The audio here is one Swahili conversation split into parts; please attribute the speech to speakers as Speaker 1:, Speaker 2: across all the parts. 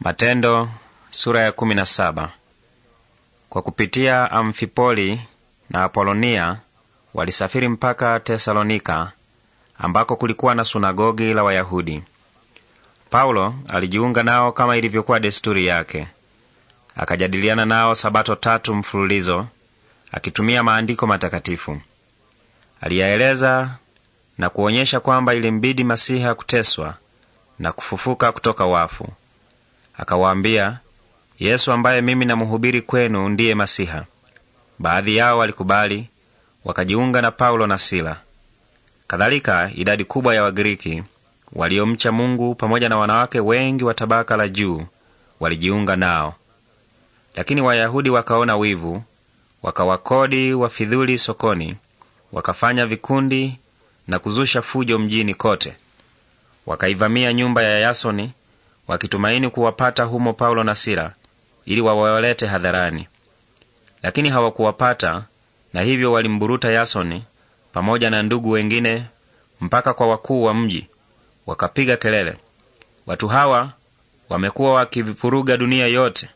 Speaker 1: Matendo sura ya kumi na saba. Kwa kupitia Amfipoli na Apolonia walisafiri mpaka Tesalonika ambako kulikuwa na sunagogi la Wayahudi. Paulo alijiunga nao kama ilivyokuwa desturi yake. Akajadiliana nao sabato tatu mfululizo akitumia maandiko matakatifu. Aliyaeleza na kuonyesha kwamba ilimbidi Masiha kuteswa na kufufuka kutoka wafu akawaambia, Yesu ambaye mimi namhubiri kwenu ndiye Masiha. Baadhi yao walikubali wakajiunga na Paulo na Sila. Kadhalika idadi kubwa ya Wagiriki waliomcha Mungu pamoja na wanawake wengi wa tabaka la juu walijiunga nao. Lakini Wayahudi wakaona wivu, wakawakodi wafidhuli sokoni, wakafanya vikundi na kuzusha fujo mjini kote. Wakaivamia nyumba ya Yasoni wakitumaini kuwapata humo Paulo na Sila ili wawalete hadharani, lakini hawakuwapata, na hivyo walimburuta Yasoni pamoja na ndugu wengine mpaka kwa wakuu wa mji, wakapiga kelele, watu hawa wamekuwa wakivifuruga dunia yote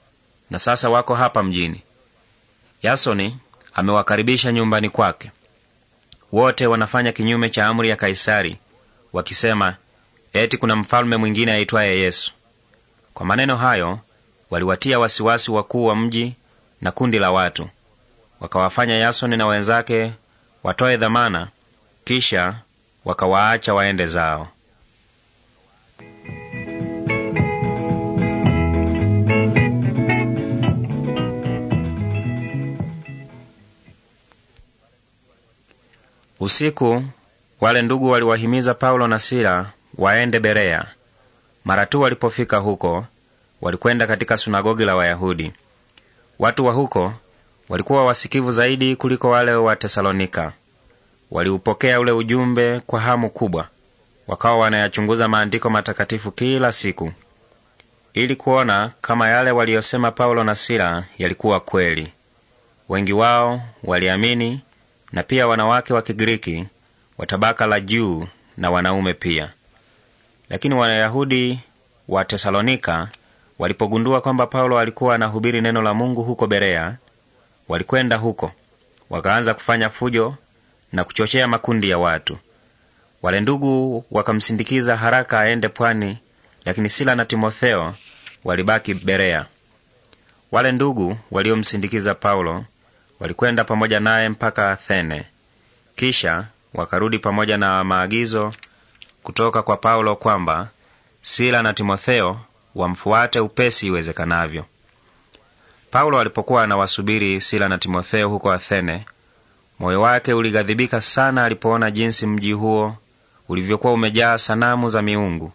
Speaker 1: na sasa wako hapa mjini. Yasoni amewakaribisha nyumbani kwake. Wote wanafanya kinyume cha amri ya Kaisari, wakisema eti kuna mfalme mwingine aitwaye Yesu. Kwa maneno hayo waliwatia wasiwasi wakuu wa mji na kundi la watu, wakawafanya Yasoni na wenzake watoe dhamana, kisha wakawaacha waende zao. Usiku wale ndugu waliwahimiza Paulo na Sila waende Berea. Mara tu walipofika huko, walikwenda katika sunagogi la Wayahudi. Watu wa huko walikuwa wasikivu zaidi kuliko wale wa Tesalonika. Waliupokea ule ujumbe kwa hamu kubwa, wakawa wanayachunguza maandiko matakatifu kila siku ili kuona kama yale waliyosema Paulo na Sila yalikuwa kweli. Wengi wao waliamini, na pia wanawake wa Kigiriki wa tabaka la juu na wanaume pia. Lakini Wayahudi wa Tesalonika walipogundua kwamba Paulo alikuwa anahubiri neno la Mungu huko Berea, walikwenda huko wakaanza kufanya fujo na kuchochea makundi ya watu. Wale ndugu wakamsindikiza haraka aende pwani, lakini Sila na Timotheo walibaki Berea. Wale ndugu waliomsindikiza Paulo walikwenda pamoja naye mpaka Athene, kisha wakarudi pamoja na maagizo kutoka kwa Paulo kwamba Sila na Timotheo wamfuate upesi iwezekanavyo. Paulo alipokuwa anawasubiri Sila na Timotheo huko Athene, moyo wake ulighadhibika sana alipoona jinsi mji huo ulivyokuwa umejaa sanamu za miungu.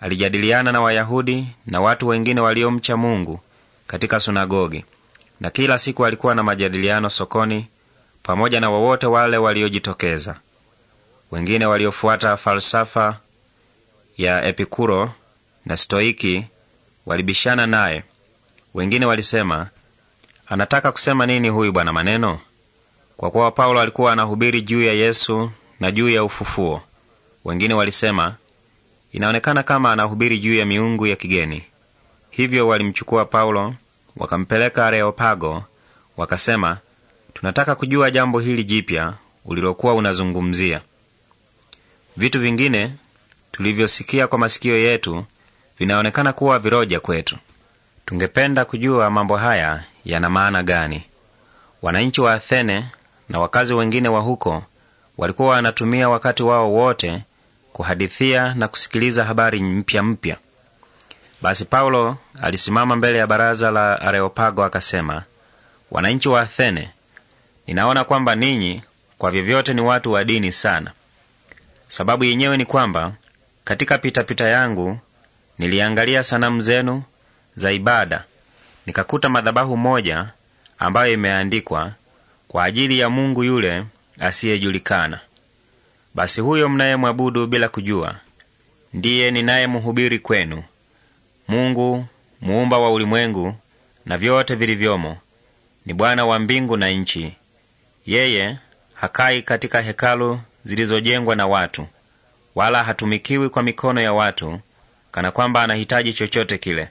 Speaker 1: Alijadiliana na Wayahudi na watu wengine waliomcha Mungu katika sunagogi, na kila siku alikuwa na majadiliano sokoni pamoja na wowote wale waliojitokeza. Wengine waliofuata falsafa ya Epikuro na Stoiki walibishana naye. Wengine walisema, anataka kusema nini huyu bwana maneno? Kwa kuwa Paulo alikuwa anahubiri juu ya Yesu na juu ya ufufuo. Wengine walisema, inaonekana kama anahubiri juu ya miungu ya kigeni. Hivyo walimchukua Paulo wakampeleka Areopago, wakasema, tunataka kujua jambo hili jipya ulilokuwa unazungumzia. Vitu vingine tulivyosikia kwa masikio yetu vinaonekana kuwa viroja kwetu. Tungependa kujua mambo haya yana maana gani. Wananchi wa Athene na wakazi wengine wa huko walikuwa wanatumia wakati wao wote kuhadithia na kusikiliza habari mpya mpya. Basi Paulo alisimama mbele ya baraza la Areopago akasema, wananchi wa Athene, ninaona kwamba ninyi kwa vyovyote ni watu wa dini sana. Sababu yenyewe ni kwamba katika pitapita pita yangu niliangalia sanamu zenu za ibada, nikakuta madhabahu moja ambayo imeandikwa kwa ajili ya Mungu yule asiyejulikana. Basi huyo mnayemwabudu bila kujua ndiye ninayemhubiri kwenu, Mungu muumba wa ulimwengu na vyote vilivyomo, ni Bwana wa mbingu na nchi. Yeye hakai katika hekalu zilizojengwa na watu, wala hatumikiwi kwa mikono ya watu, kana kwamba anahitaji chochote kile.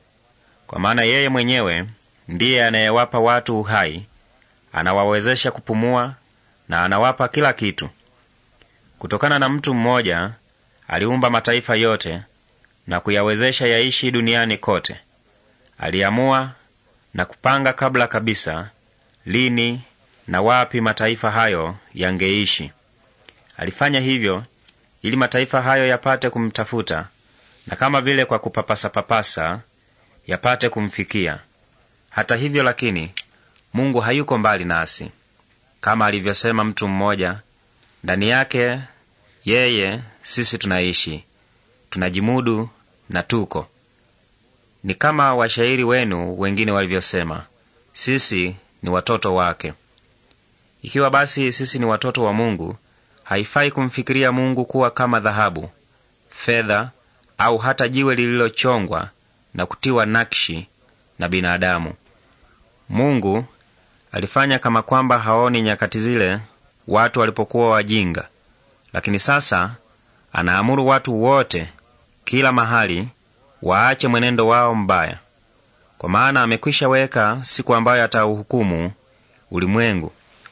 Speaker 1: Kwa maana yeye mwenyewe ndiye anayewapa watu uhai, anawawezesha kupumua na anawapa kila kitu. Kutokana na mtu mmoja aliumba mataifa yote na kuyawezesha yaishi duniani kote. Aliamua na kupanga kabla kabisa lini na wapi mataifa hayo yangeishi. Alifanya hivyo ili mataifa hayo yapate kumtafuta na kama vile kwa kupapasa-papasa yapate kumfikia. Hata hivyo lakini, Mungu hayuko mbali nasi, kama alivyosema mtu mmoja, ndani yake yeye sisi tunaishi, tunajimudu na tuko. Ni kama washairi wenu wengine walivyosema, sisi ni watoto wake. Ikiwa basi sisi ni watoto wa Mungu, Haifai kumfikiria Mungu kuwa kama dhahabu, fedha au hata jiwe lililochongwa na kutiwa nakshi na binadamu. Mungu alifanya kama kwamba haoni nyakati zile watu walipokuwa wajinga, lakini sasa anaamuru watu wote kila mahali waache mwenendo wao mbaya, kwa maana amekwisha weka siku ambayo atauhukumu ulimwengu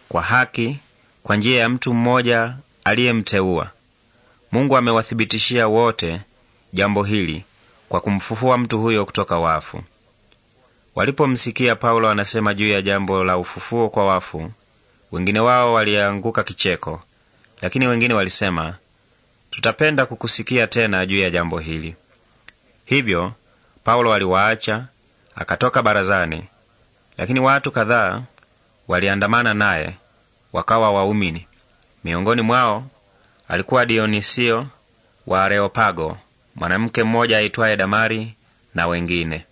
Speaker 1: kwa haki kwa njia ya mtu mmoja aliyemteua. Mungu amewathibitishia wote jambo hili kwa kumfufua mtu huyo kutoka wafu. Walipomsikia Paulo anasema juu ya jambo la ufufuo kwa wafu, wengine wao walianguka kicheko, lakini wengine walisema, tutapenda kukusikia tena juu ya jambo hili. Hivyo Paulo aliwaacha akatoka barazani, lakini watu kadhaa waliandamana naye wakawa waumini. Miongoni mwao alikuwa Dionisio wa Areopago, mwanamke mmoja aitwaye Damari na wengine.